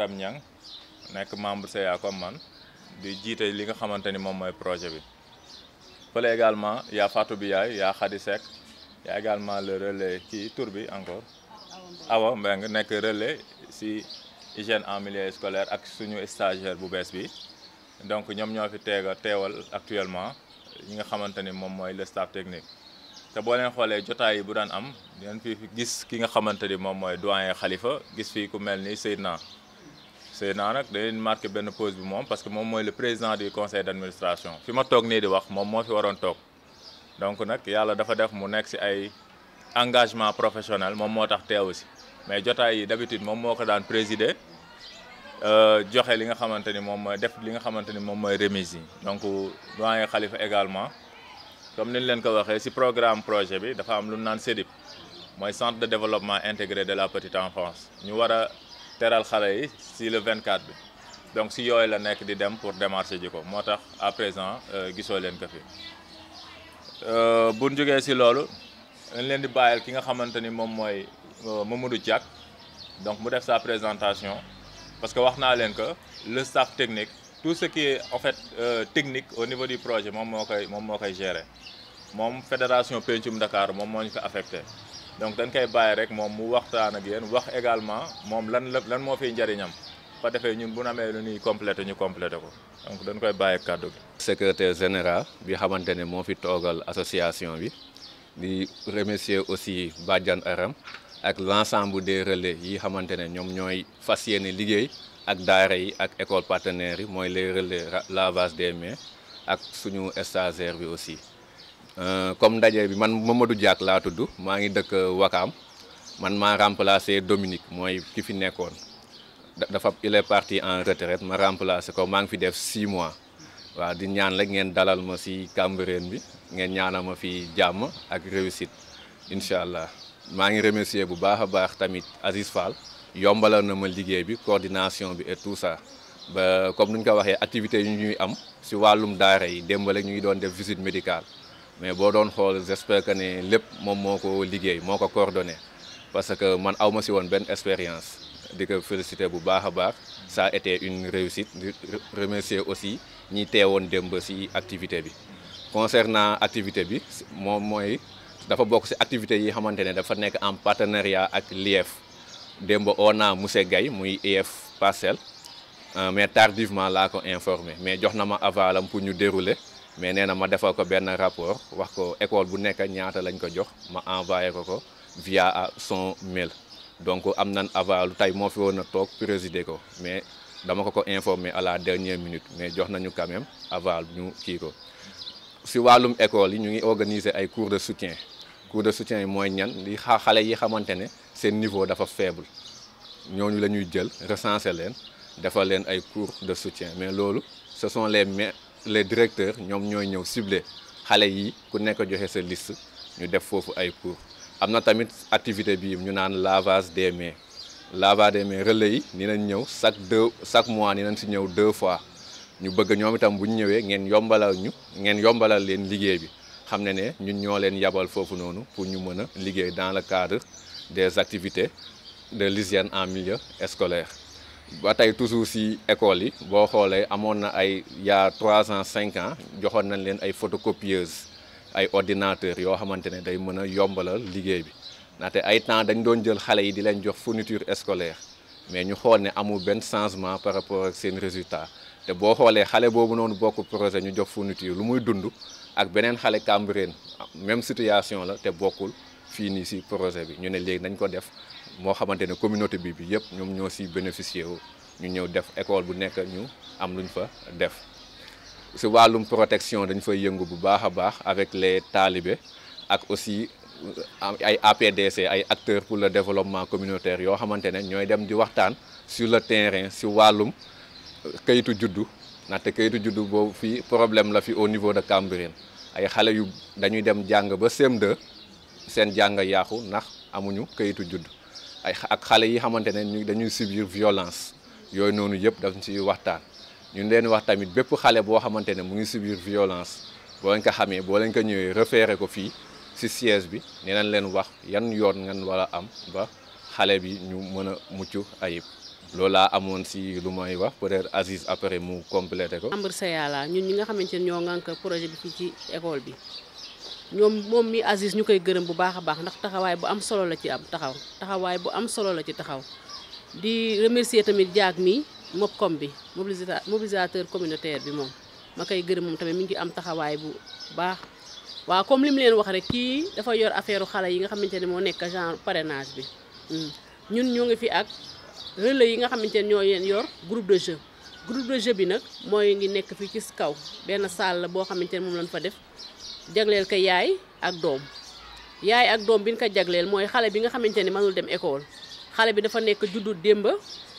Aram Niang nekk membre CA comme man di jiite li nga xamante ni moom mooy projet bi fële également yaa Fatou Biaye yaa Khady Seck yaa également le relais ci tour bi encore Awa Mbeng nekk relais si hygiène en milieu scolaire ak suñu stageur bu bees bi donc ñoom ñoo fi teega teewal actuellement ñi nga xamante ni moom mooy le staff technique te boo leen xoolee jotaay yi bu daan am di fi gis ki nga xamante moom mooy doyen Khalifa gis fii ku mel ni Seydina Seydina nag day marqué benn pause bi moom parce que moom mooy le président du conseil d'administration fi ma toog nii di wax moom moo fi waroon toog donc nag yàlla dafa def mu nekk si ay engagement professionnel moom moo tax teewu si mais jotaay yi d'habitude moom moo ko daan présider euh, joxe li nga xamante ni moom mooy def li nga xamante ni moom mooy remise yi donc doyen xalifa également comme ni ñu leen ko waxee si programme projet bi dafa am lu naan CEDIP mooy centre de développement intégré de la petite teral xale yi si le 24 bi donc si yooyu la nekk di dem pour démarcher ji ko moo tax à présent euh, gisoo leen ko fi euh, bu ñu jógee si loolu dañ leen di bàyyil ki nga xamante ni moom mooy euh, Mamadou Diak donc mu def sa présentation parce que wax naa leen que le staff technique tout ce qui est en fait technique au niveau du projet moom moo koy moom moo koy gérer moom fédération Pencum Dakar moom moo ñu ko affecté. donc dañ koy bàyyi rek moom mu waxtaan ak yéen wax également moom lan lan moo fiy njariñam fa defee ñun bu ñu amee lu ni complété ñu complété ko donc dañ koy bàyyi kàddu gi. secrétaire général bi xamante ne moo fi toogal association bi di remercier aussi Badiane Aram ak l' ensemble des relais yi xamante ne ñoom ñooy fas yéene liggéey ak daara yi ak école partenaires yi mooy les relais lavage des mains ak suñu stagiaire bi aussi. Euh, comme ndaje bi man Mamadou Diack laa tudd maa ngi dëkk Wakaam man maa remplacé Dominique mooy ki fi nekkoon dafa il est parti en retraite ma remplacé ko maa ngi fi def six mois waa di ñaan rek ngeen dalal ma si Cambérène bi ngeen ñaana ma fi jàmm ak réussite incha allah maa ngi remercier bu baax a baax tamit Aziz Fall yombalal na ma liggéey bi coordination bi et tout ça ba comme ni ñu ko waxee activités yu ñuy am si wàllum daara yi démb rek ñu ngi doon def visite médicale. mais boo doon xool j'espère que ne lépp moom moo ko liggéey moo ko coordonné parce que man awma si woon benn expérience di ko félicité bu baax a baax ça a été une réussite remercier aussi ñi teewoon démb si activité bi concernant activité bi moom mooy dafa bokk si activité yi xamante ne dafa nekk en partenariat ak l'IEF démb on a monsieur Gaye muy IEF Parcelles euh, mais tardivement laa ko informé mais jox na ma avalam pour ñu dérouler mais nee na ma defal ko benn rapport wax ko école bu nekk ñaata lañ ko jox ma envoyé ko ko via son mail donc am nan avalu tey moo fi woon a toog présider ko mais dama ko ko informer à la dernière minute mais jox nañu quand même aval ñu kii ko si wàllum école yi ñu ngi organiser ay cours de soutien cours de soutien yi mooy ñan li xale yi xamante ne seen niveau dafa faible ñooñu la ñuy jël recenser leen defal leen ay cours de soutien mais loolu ce sont les les directeurs ñoom ñooy ñëw ciblé xale yi ku nekk joxe sa liste ñu def foofu ay cours am na tamit activité bii ñu naan lavage des mais lavage des mais relais yi ni nañ ñëw chaque deux chaque mois ni nañ si ñëw deux fois ñu bëgg ñoom itam bu ñu ñëwee ngeen yombalal ñu ngeen yombalal leen liggéey bi xam ne ne ñun ñoo leen yabal foofu noonu pour ñu mën a liggéey dans le cadre des activités de l'hygiène en milieu scolaire ba tey toujours si école yi boo xoolee amoon na ay yaa trois ans cinq ans joxoon nañ leen ay photocopieuse ay ordinateur yoo xamante ne day mën a yombalal liggéey bi ndaxte ay temps dañ doon jël xale yi di leen jox fourniture scolaire mais ñu xool ne amul benn changement par rapport ak seen résultat te boo xoolee xale boobu noonu bokk projet ñu jox fourniture lu muy dund ak beneen xale Cambérène même situation la te bokkul fii nii si projet bi ñu ne léegi nañ ko def moo xamante ne communauté bi bi yëpp ñoom ñoo si bénéficier wu ñu ñëw def école bu nekk ñu am luñ fa def si wàllum protection dañ fay yëngu bu baax a baax avec les talibés ak aussi euh, ay APDC ay acteurs pour le développement communautaire yoo xamante ne ñooy dem di waxtaan sur le terrain si wàllum euh, kayitu juddu ndaxte kayitu juddu boobu fii problème la fi au niveau de Cambérène ay xale yu dañuy dem jàng ba CM2 seen jàng yaaxu ndax amuñu kayitu juddu. ay ak xale yi xamante ne ñu dañuy subir violence yooyu noonu yëpp dañ si waxtaan ñun leen wax tamit bépp xale boo xamante ne mu ngi subir violence boo leen ko xamee boo leen ko ñëwee référé ko fii si siège bi ne leen wax yan yoon ngeen war a am ba xale bi ñu mën a mucc ayib loolu laa amoon si lu may wax peut-être Aziz après mu complété ko. Ambar Sayala ñun ñi nga xamante ne ñoo ngànk projet bi fii ci école bi. ñoom moom mi Aziz ñu koy gërëm bu baax a baax ndax taxawaay bu am solo la ci am taxaw taxawaay bu am solo la ci taxaw di remercier tamit jaag mi MOPCOM bi mobilisateur communautaire bi moom ma koy gërëm moom tamit mi ngi am taxawaay bu baax waaw comme li mu leen wax rek kii dafa yor affaire xale yi nga xamante ne moo nekk genre parrainage bi hmm. ñun ñoo ngi fi ak relais yi nga xamante ne ñoo yeen yor groupe de jeu groupe de bi nag mooy ngi nekk fii ci kaw benn salle la boo xamante ne moom lañ fa def jagleel ko yaay ak doom yaay ak doom bi ñu ko jagleel mooy xale bi nga xamante ni mënul dem école xale bi dafa nekk juddu démba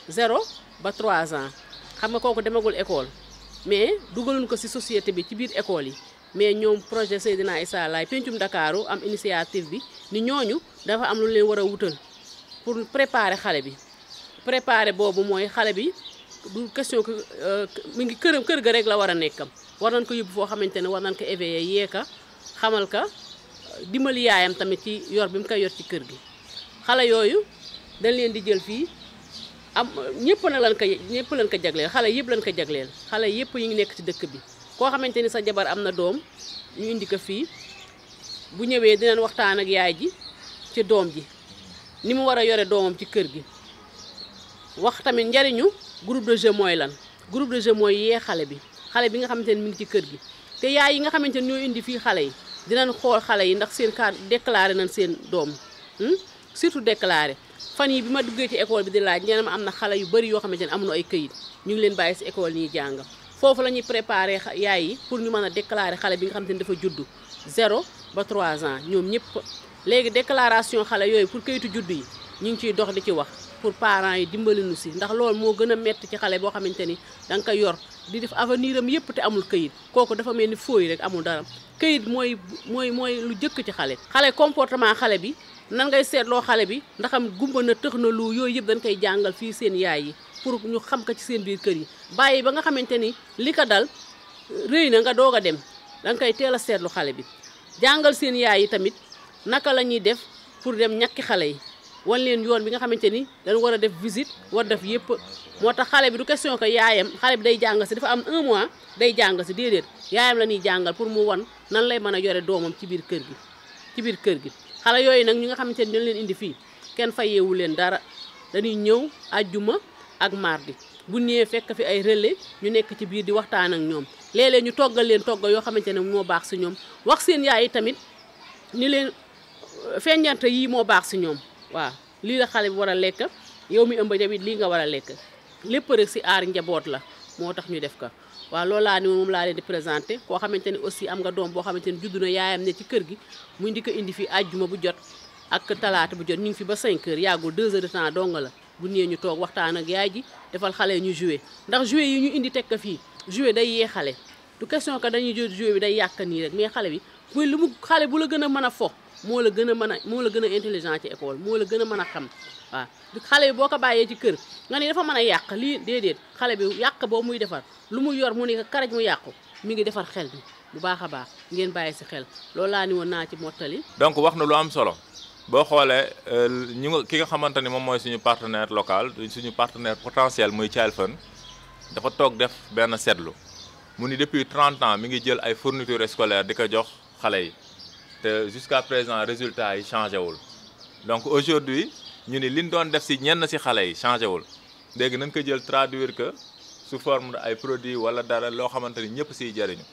zéro ba trois ans xam nga kooku demagul école mais dugaluñ ko si société bi ci biir école yi mais ñoom projet Seydina Issa Laye pencum Ndakaaru am initiative bi ni ñooñu dafa am lu leen war a wutal pour préparer xale bi préparer boobu mooy xale bi du question que euh, mu ngi këram kër ga rek la war a nekkam war nañ ko yóbbu foo xamante war nañ xamal ka dimbali yaayam tamit ci yor bi mu koy yor ci kër gi xale yooyu dañ leen di jël fii am ñëpp nag lan ko ñëpp lan ko jagleel xale yëpp lan ko jagleel xale yëpp yi ngi nekk ci dëkk bi koo xamante ni sa jabar am na doom ñu indi ko fii bu ñëwee dinañ waxtaan ak yaay ji ci doom ji ni mu war a yore doomam ci kër gi wax tamit njariñu groupe de jeu mooy lan groupe de jeu mooy yee xale bi xale bi nga xamante ni mu ngi ci kër gi te yaay yi nga xamante ni ñoo indi fii xale yi dinañ xool xale yi ndax seen carte déclaré nañ seen doom hmm? surtout déclaré fan yi bi ma duggee ci école bi di laaj ñeneen ma am na xale yu bëri yoo xamante ne amuñu ay kayit ñu ngi leen bàyyi si école ñuy jàng foofu la ñuy préparé yaay yi pour ñu mën a déclaré xale bi nga xamante ne dafa juddu zéro ba trois ans ñoom ñëpp léegi déclaration xale yooyu pour kayitu juddu yi ñu ngi ciy dox di ci wax pour parent yi dimbali nu si ndax loolu moo gën a metti ci xale boo xamante ni danga nga ko yor di def avenir niiram yëpp te amul kayit kooku dafa mel ni fooy rek amul dara këyit mooy mooy mooy lu jëkk ci xale. xale comportement xale bi nan ngay seetloo xale bi ndaxam gumba na tëx na lu yooyu yëpp dañ koy jàngal fii seen yaay yi pour ñu xam ko ci seen biir kër yi bàyyi ba nga xamante ni li ko dal rëy na nga doog a dem da nga koy teel a seetlu xale bi jàngal seen yaay yi tamit naka la ñuy def pour dem ñakki xale yi. wan leen yoon bi nga xamante ni dañu war a def visite war def yëpp moo tax xale bi du question que yaayam xale bi day jàng si dafa am un mois day jàng si déedéet yaayam la ñuy jàngal pour mu wan nan lay mën a jore doomam ci biir kër gi ci biir kër gi xale yooyu nag ñi nga xamante ni dañ leen indi fii kenn yeewu leen dara dañuy ñëw ajjuma ak mardi bu ñëwee fekk fi ay relais ñu nekk ci biir di waxtaan ak ñoom léeg ñu toggal leen toggal yoo xamante ne moo baax si ñoom wax seen yaay tamit ni leen feññante yii moo baax si ñoom waaw lii la xale bi war a lekk yow mi ëmb tamit lii nga war a lekk lépp rek si aar njaboot la moo tax ñu def ko waaw loolu laa ni moom laa leen di présenté koo xamante ni aussi am nga doom boo xamante ni juddu na yaayam ne ci kër gi mu di ko indi fi àjjuma bu jot ak talaata bu jot ñu ngi fi ba 5 heures yàggul 2 heures de temps dong la bu ñëwee ñu toog waxtaan ak yaay ji defal xale ñu joué ndax joué yi ñu indi teg ko fii joué day yee xale du question que dañuy jël joué bi day yàq nii rek mais xale bi mooy lu mu xale bu la gën a mën a moo la gën a mën a moo la gën a intelligent ci école moo la gën a mën a xam waaw xale bi boo ko bàyyee ci kër nga ni dafa mën a yàq lii déedéet xale bi yàq boo muy defar lu mu yor mu ne karaj mu yàqu mi ngi defar xel bi bu baax a baax ngeen bàyyi si xel loolu laa ni woon naa ci mottali. donc wax na lu am solo boo xoolee euh, ñu nga ki nga xamante ni moom mooy suñu partenaire local suñu partenaire potentiel muy Child Fund dafa toog def benn seetlu mu ni depuis 30 ans mi ngi jël ay fournitures scolaires di ko jox xale yi. te jusqu'à présent résultat yi changé wul donc aujourd'hui ñu ni liñ doon def si ñenn si xale yi changé wul léegi nañ ko jël traduir que su forme ay produits wala dara loo xamante ni ñëpp siy jëriñu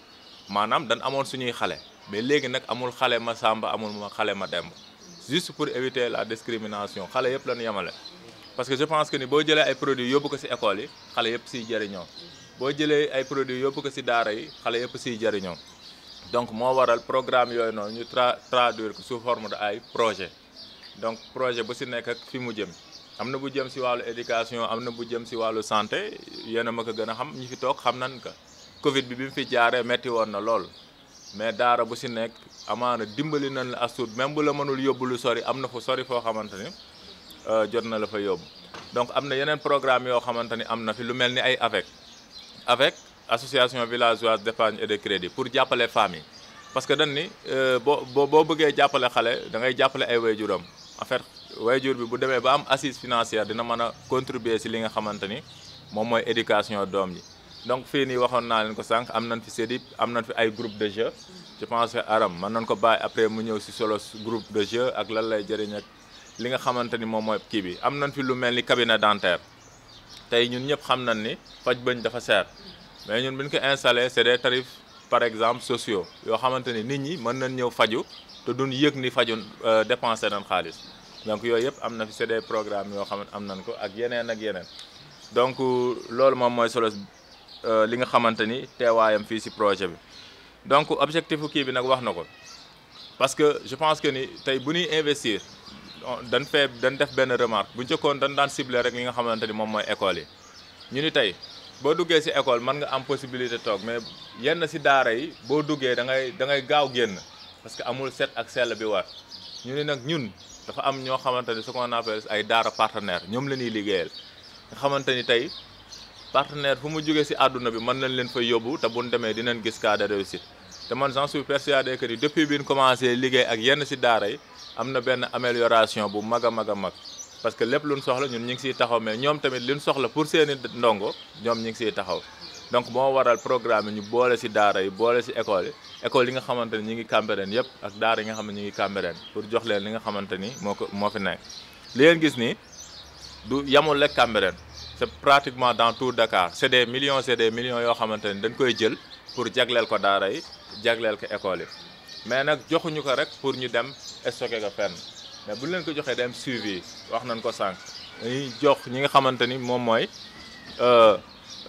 maanaam dan amoon suñuy xale mais léegi nag amul xale ma sàmba amul ma xale ma demb juste pour éviter la discrimination xale yëpp la yamale parce que je pense que ni boo jëlee ay produits yóbbu ko si école yi xale yëpp siy jariñoo boo jëlee ay produits yóbbu ko si daara yi xale yëpp siy jëriñoo donc moo waral programme yooyu noonu ñu tra traduire ko sous forme de ay projet donc projet bu si nekk ak fi mu jëm am na bu jëm si wàllu éducation am na bu jëm si wàllu santé yéen a ma ko gën a xam ñu fi toog xam nan ka Covid bi bi mu fi jaaree metti woon na lool mais daara bu si nekk amaana dimbali nañ la astuut même bu la mënul yóbbu lu sori am na fu sori foo xamante ni euh, jot na la fa yóbbu donc am na yeneen programme yoo xamante ni am na fi lu mel ni ay avec avec association villageoise d'épargne et de crédit pour jàppale femmes yi parce que dañ ni euh, boo boo bëggee jàppale xale dangay jàppale ay waajuram en fait waajur bi bu demee ba am assise financière dina mën a contribuer si li nga xamante ni moom mooy éducation doom yi donc fii nii waxoon naa leen ko sànq am nañ fi CEDIP am na fi ay groupe de jeu je pense que Aram mën nañ ko bàyyi après mu ñëw si solo si groupe de jeu ak lan lay jëriñ ak li nga xamante ni moom mooy kii bi am nañ fi lu mel ni cabinet dentaire tey ñun ñëpp xam nañ ni faj bëñ dafa seer mais ñun bu ñu ko installé c'est des par exemple sociaux yoo xamante ni nit ñi mën nañ ñëw faju te duñ yëg ni faju euh, dépensé nañ xaalis donc yooyu yëpp am na fi c'est des programmes yoo xam ne am nañ ko ak yeneen ak yeneen donc euh, loolu moom mooy solo euh, li nga xamante ni teewaayam fii si projet bi donc objectif kii bi nag wax na ko parce que je pense que ni tey bu ñuy investir dan fee dan def benn remarque bu njëkkoon dañ daan cible rek li nga xamante ni moom mooy école yi ñu ni tey boo duggee si école mën nga am possibilité toog mais yenn si daara yi boo duggee da ngay da ngay gaaw génn parce que amul set ak sell bi war ñu ni nag ñun dafa am ñoo xamante ni ce qu'on ay daara partenaire ñoom la ñuy liggéeyal nga xamante ni tey partenaire fu mu jógee si àdduna bi mën nañ leen fa yóbbu te buñ demee dinañ gis cas de te man j'en suis persuadé que ni depuis bi ñu commencé liggéey ak yenn si daara yi am na benn amélioration bu mag a mag a mag parce que lép lépp luñ soxla ñun ñu ngi siy taxaw mais ñoom tamit luñ soxla pour seeni ndongo ñoom ñu ngi siy taxaw donc moo waral programme yi ñu boole si daara yi boole si école yi école yi nga xamante ni ñu ngi Cambérène yëpp ak daara yi nga xam ne ñu ngi Cambérène pour jox leen li nga xamante ni moo ko moo fi nekk li ngeen gis ni du yamul rek Cambérène c'est pratiquement dans tout Dakar c'est des millions c'est des millions yoo xamante ni dañ koy jël pour jagleel ko daara yi jagleel ko école yi mais nag joxuñu ko rek pour ñu dem stocké ko fenn mais bu leen ko joxee day am suivi wax nañ ko sànq dañuy jox ñi nga xamante ni moom mooy euh,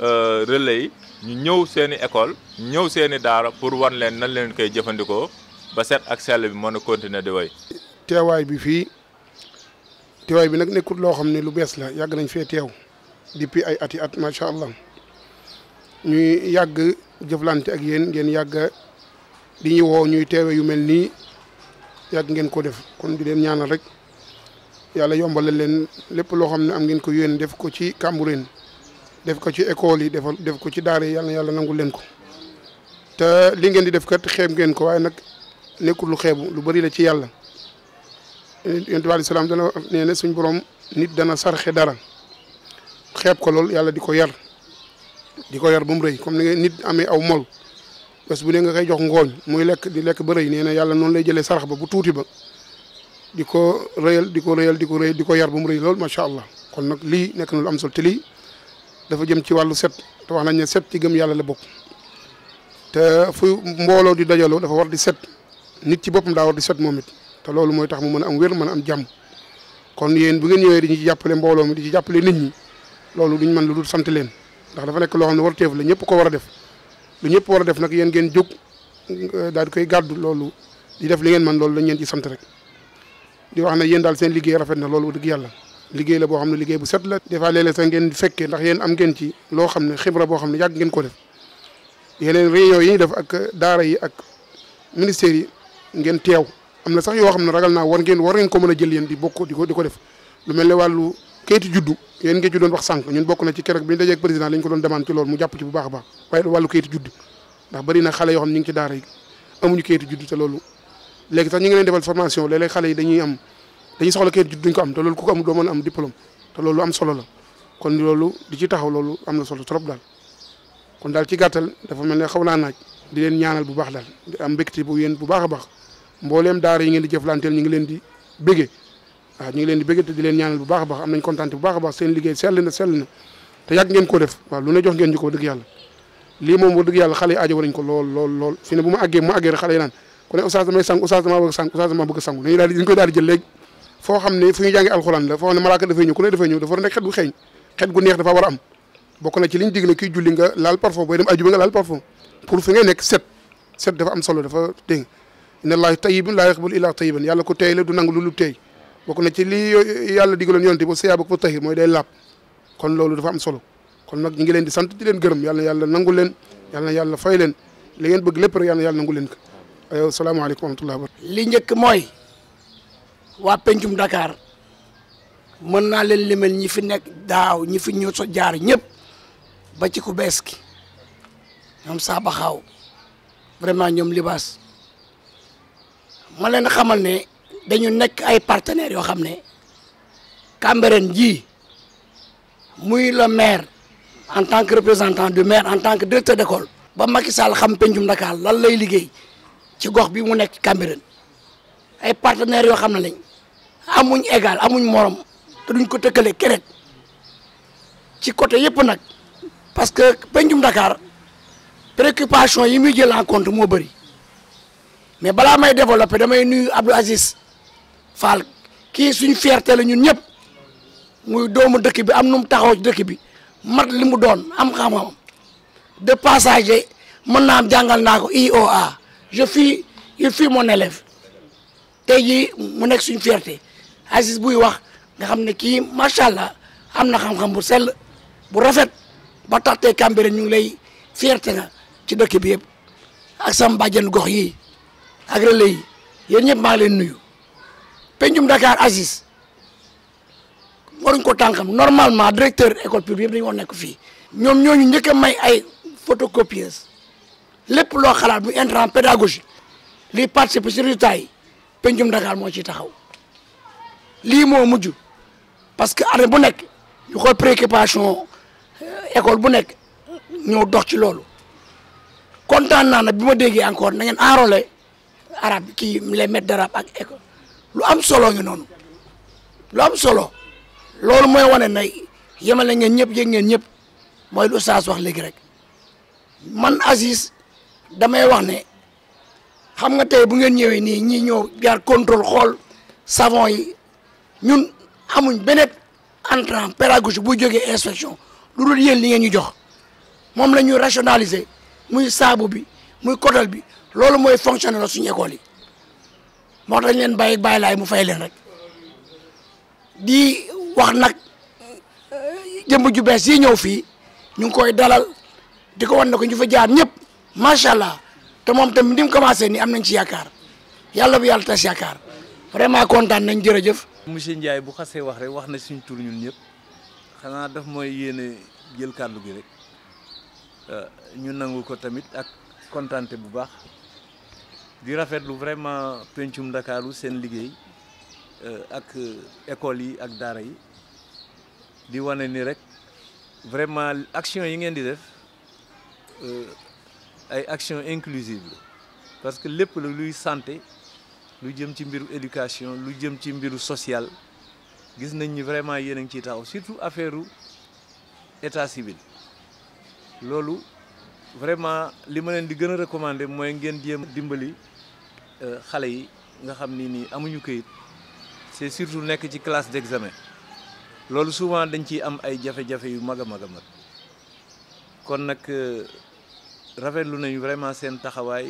euh, relais yi ñu ñëw seen i école ñëw seen i daara pour wan leen nan leen koy jëfandikoo ba set ak selle bi mën a continuer di way teewaay bi fii teewaay bi nag nekkul loo xam ne lu bees la yàgg nañ fee teew depuis ay ati at macha allah ñuy yàgg jëflante ak yéen ngeen yàgg di ñu ñuy teewe yu mel nii yàgg ngeen ko def kon di leen ñaanal rek yàlla yombalal leen lépp loo xam ne am ngeen ko yéen def ko ci Cambérène def ko ci école yi defal def ko ci daara yi yàlla yàlla nangul leen ko te li ngeen di def kat xeeb ngeen ko waaye nag nekkul lu xeebu lu bari la ci yàlla yonent bi aleyhi salaam dana nee suñ borom nit dana sarxe dara xeeb ko lool yàlla di ko yar di ko yar ba mu rëy comme ni ngeen nit amee aw mol bés bu ne nga koy jox ngooñ muy lekk di lekk ba rëy nee na yàlla noonu lay jëlee sarax ba bu tuuti ba di ko rëyal di ko rëyal di ko rëyal di ko yar ba mu rëy lool macha allah kon nag lii nekk na am solo te lii dafa jëm ci wàllu set te wax nañ ne set ci gëm yàlla la bokk te fu mbooloo di dajaloo dafa di set nit ci boppam daa di set moom it te loolu mooy tax mu mën am wér mën a am jàmm kon yéen bu ngeen ñëwee di ñu jàppale mbooloo mi di ci jàppale nit ñi loolu duñ mën lu dul sant leen ndax dafa nekk loo xam ne war teef la ñëpp ko war a def lu ñëpp war a def nag yéen ngeen jóg euh, daal di koy gàddu loolu di def li ngeen man loolu lañ leen ci sant rek di wax ne yéen daal seen liggéey rafet na loolu dëgg yàlla liggéey la boo xam ne liggéey bu set la defaa fois léeg-léeg sax ngeen fekkee ndax yéen am ngeen ci loo xam ne xibra boo xam ne yàgg ngeen ko def yeneen réunion yi def ak daara yi ak minister yi ngeen teew am na sax yoo xam ne ragal naa war ngeen war ngeen ko mën a jël yéen di bokk di di ko def lu mel ne wàllu kayitu juddu yéen ngeen ci doon wax sànq ñun bokk na ci keroog bi ñu dajee ak président lañ ko doon demande ci loolu mu jàpp ci bu baax a baax waaye wàllu kayitu juddu ndax bëri na xale yoo xam ne ñu ngi ci daara yi amuñu kayitu juddu loolu léegi sax ñu ngi leen defal formation léeg-léeg xale yi dañuy am dañuy soxla kayitu juddu duñ am te loolu ko amul doo a am diplôme te am solo la kon loolu di ci taxaw loolu am na solo trop daal kon daal ci gàttal dafa mel ne xaw naa naaj di leen ñaanal bu baax daal am mbégte bu yéen bu baax a baax mbooleem daara yi ngeen di jëflanteel ñu ngi leen di béggee waaw ñu ngi leen di bëggate di a baax am a baax seen koy daal jël léegi foo xam ne fu ñu jàngi alxuraan la foo xam ne malaaka dafay ñëw ku ne dafay ñëw dafa war a nekk xet gu xeeñ xet gu neex dafa war a am bokk na ci liñ dig ne kii julli nga laal parfum pour fi ngay nekk set set dafa am solo dafa dégg inna allahi tayyibun la yaqbul illa tayyiban ko teey la du nangu lu lu teey bokk na ci lii yàlla digaloon yonte ba siyaa ba ko tahir mooy day laab kon loolu dafa am solo kon nag ñu ngi leen di sant di leen gërëm yàlla yàlla nangu leen yàlla yàlla fay leen li bëgg lépp rek yàlla yàlla nangu leen ko ayo salaamaaleykum wa rahmatulah li njëkk mooy waa pencum Dakar mën naa leen limal ñi fi nekk daaw ñi fi ñu jaar ñëpp ba ci bees ki ñoom Saba Xaaw vraiment ñoom libaas ma leen xamal ne dañu nekk ay partenaires yoo xam ne Cambérène jii muy le maire en tant que représentant de maire en tant que directeur d'école ba Macky Sall xam pencum Dakar lan lay liggéey ci gox bi mu nekk Cambérène ay partenaires yoo xam ne lañ amuñ égal amuñ morom te duñ ko tëkkale keneen ci côté yëpp nag parce que pencum Dakar préoccupation yi muy jël en compte moo bëri mais balaa may développer damay nuyu Abdou Aziz Fall kii suñ fierté la ñun ñëpp muy doomu dëkk bi am nu mu taxaw ci dëkk bi mat li mu doon am xam-xamam de passage mën naa am jàngal naa ko IOA je fis il fut mon élève tey jii mu nekk suñ fierté Aziz buy wax nga xam ne kii macha allah am na xam-xam bu sell bu rafet ba tax tey Cambérène ñu ngi lay fierté nga ci dëkk bi yëpp ak sama bàjjen gox yi ak relais yi yéen ñëpp maa leen nuyu. pencum Dakar Aziz waruñ ko tànkam normalement directeur école publique yëpp dañu war nekk fii ñoom ñu njëkk a may ay photocopieuse lépp loo xalaat bu intrant pédagogique liy participer ci résultat yi pencum Dakar moo ci taxaw lii moo mujj parce que année bu nekk ñu xool préoccupation euh, école bu nekk ñëw dox ci loolu kontaan naa na bi ma déggee encore na ngeen enrôler arabe ki les maîtres d'arabe ak école lu am solo ngi noonu lu am solo loolu mooy wane ne yemale ngeen ñëpp yëg ngeen ñëpp mooy lu Oustaz wax léegi rek man Aziz damay wax ne xam nga tey bu ngeen ñëwee nii ñi ñëw jaar contrôle xool savon yi ñun amuñ beneen entrant pédagogique bu jógee inspection lu dul yéen li ngeen ñu jox moom la ñuy rationaliser muy saabu bi muy kotal bi loolu mooy fonctionner la suñu école yi moo tax ñu leen bàyyi bàyyi laay mu fay leen rek di wax nag jëmb ju bees yi ñëw fii ñu ngi koy dalal di ko wan ne ko ñu fa jaar ñëpp macha allah te moom tamit ni mu commencé nii am nañ ci yaakaar yàlla bu yàlla tas yaakaar vraiment kontaan nañ jërëjëf. monsieur Ndiaye bu xasee wax rek wax na suñ tur ñun ñëpp xanaa daf mooy yéene jël kàddu gi rek euh, ñu nangu ko tamit ak kontaante bu baax. di rafetlu vraiment pencum ndakaaru seen liggéey euh, ak euh, école yi ak daara yi di wane ni rek vraiment action yi ngeen di def euh, ay action inclusive la parce que lépp la luy santé lu jëm ci mbiru éducation lu jëm ci mbiru social gis nañ ni vraiment yéen a ngi ciy taxaw surtout affaire état civil loolu vraiment li ma leen di gën a recommander mooy ngeen jéem dimbali euh, xale yi nga xam ni nii amuñu këyit c'est surtout nekk ci classe d'examen loolu souvent dañ ciy am ay jafe-jafe yu mag a mag a mag kon nag euh, rafetlu nañu vraiment seen taxawaay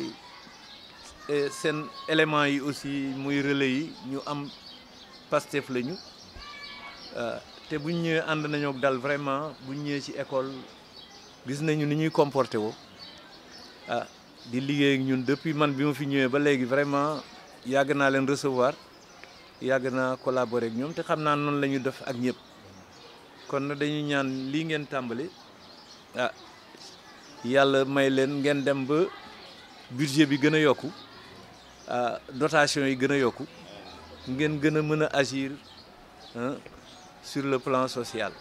seen éléments yi aussi muy relais yi ñu am Pastef lañu euh, te bu ñu ñëwee ànd nañoo daal vraiment bu ñu ñëwee ci école. gis nañu ni ñuy comporté woo ah di liggéey ñun depuis man bi mu fi ñëwee ba léegi vraiment yàgg naa leen recevoir yàgg naa collaborer ak ñoom te xam naa noonu la ñu def ak ñëpp kon na dañuy ñaan lii ngeen tàmbali ah yàlla may leen ngeen dem ba budget bi gën a yokku ah dotation yi gën a yokku ngeen gën a mën a agir ah, sur le plan sociale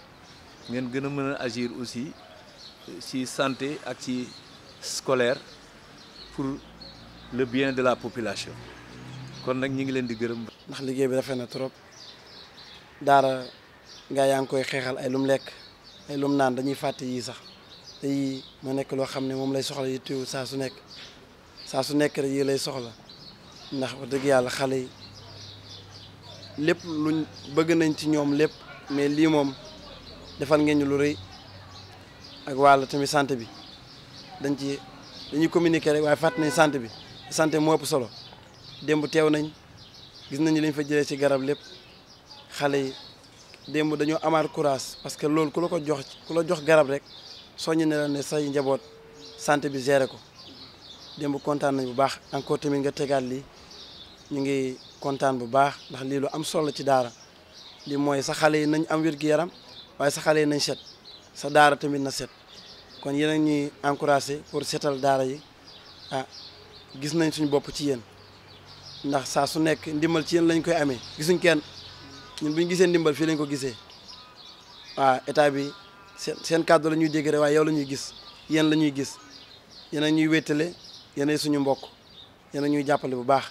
ngeen gën a mën a agir aussi ci santé ak ci scolaire pour le bien de la population kon nag ñi ngi leen di gërëm. ndax liggéey bi rafet na trop daara gaa yaa ngi koy xeexal ay lum lekk ay lum naan dañuy fàtte yii sax te yii ma nekk loo xam ne moom lay soxla yi tuuti saa su nekk saa su nekk rek yii lay soxla ndax dëgg yàlla xale yi lépp luñ bëgg nañ ci ñoom lépp mais lii moom defal ngeen lu rëy. ak wàll tamit bi dañ ci dañuy communiquer rek waaye fàttali nañ santé bi santé moo ëpp solo démb teew nañ gis nañu lañ fa jëlee ci garab lépp xale yi démb dañoo amaat courage parce que loolu ku la ko jox ku la jox garab rek soo ñu la ne say njaboot sant bi gere ko démb kontaan nañ bu baax encore tamit nga tegaat lii ñu ngi kontaan bu baax ndax lii lu am solo ci daara li mooy sa xale yi nañ am wér yaram waaye sa xale yi nañ set sa daara tamit na set kon yéen a ñuy encouragé pour seetal daara yi ah gis nañ suñu bopp ci yéen ndax saa su nekk ndimbal ci yéen lañ koy amee gisuñ kenn ñun bu gisee ndimbal fii lañ ko gisee waa ah, état bi seen seen kàddu la ñuy dégg rek waaye yow la ñuy gis yéen la ñuy gis yéen a ñuy wéttale yéen suñu mbokk yén a ñuy jàppale bu baax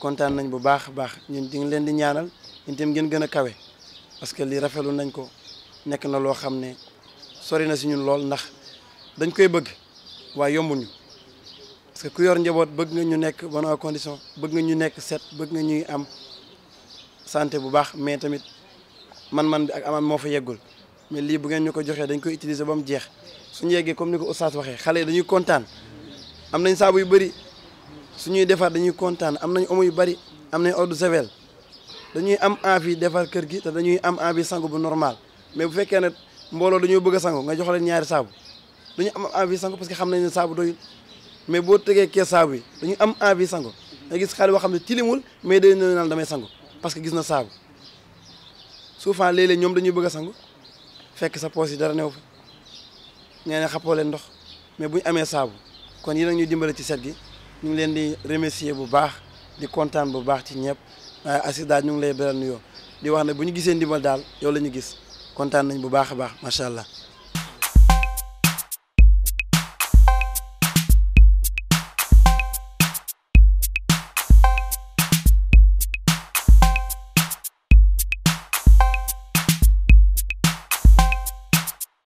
kontaan nañ bu baax a baax ñun di leen di ñaanal ñun tam ngeen gën a kawe parce que lii rafetlu nañ ko nekk na loo xam ne sori na si ñun lool ndax. dañ koy bëgg waaye yombuñu parce que ku yor njaboot bëgg nga ñu nekk bon en condition bëgg nga ñu nekk set bëgg nga ñuy am santé bu baax mais tamit man-man bi ak amaan moo fa yeggul mais lii bu ngeen ñu ko joxee dañ koy utiliser ba mu jeex suñu yeggee comme ni ko oustaz waxee xale dañuy kontaan am nañ saabu yu bëri ñuy defar dañuy kontaan am nañ omo yu bëri am nañ eau de dañuy am envie defar kër gi te dañuy am envie sangu bu normal mais bu fekkee ne mbooloo dañoo bëgg a sangu nga jox leen ñaari saabu dañu am envie sangu parce que xam nañ ne saabu doyul mais boo tegee kee saabu yi dañu am envie sangu nga gis xale boo xam ne tilimul mais day naan damay sangu parce que gis na saabu souvent ñoom dañuy bëgg a sangu fekk sa poos yi dara new fa nee xappoo leen ndox mais bu ñu amee saabu kon yéen a ñuy dimbale ci set gi ñu ngi leen di remercier bu baax di kontaan bu baax ci ñëpp waaye Asida ñu ngi lay beral nuyoo di wax ne bu ñu gisee ndimbal daal yow la ñu gis kontaan nañ bu baax a baax macha allah.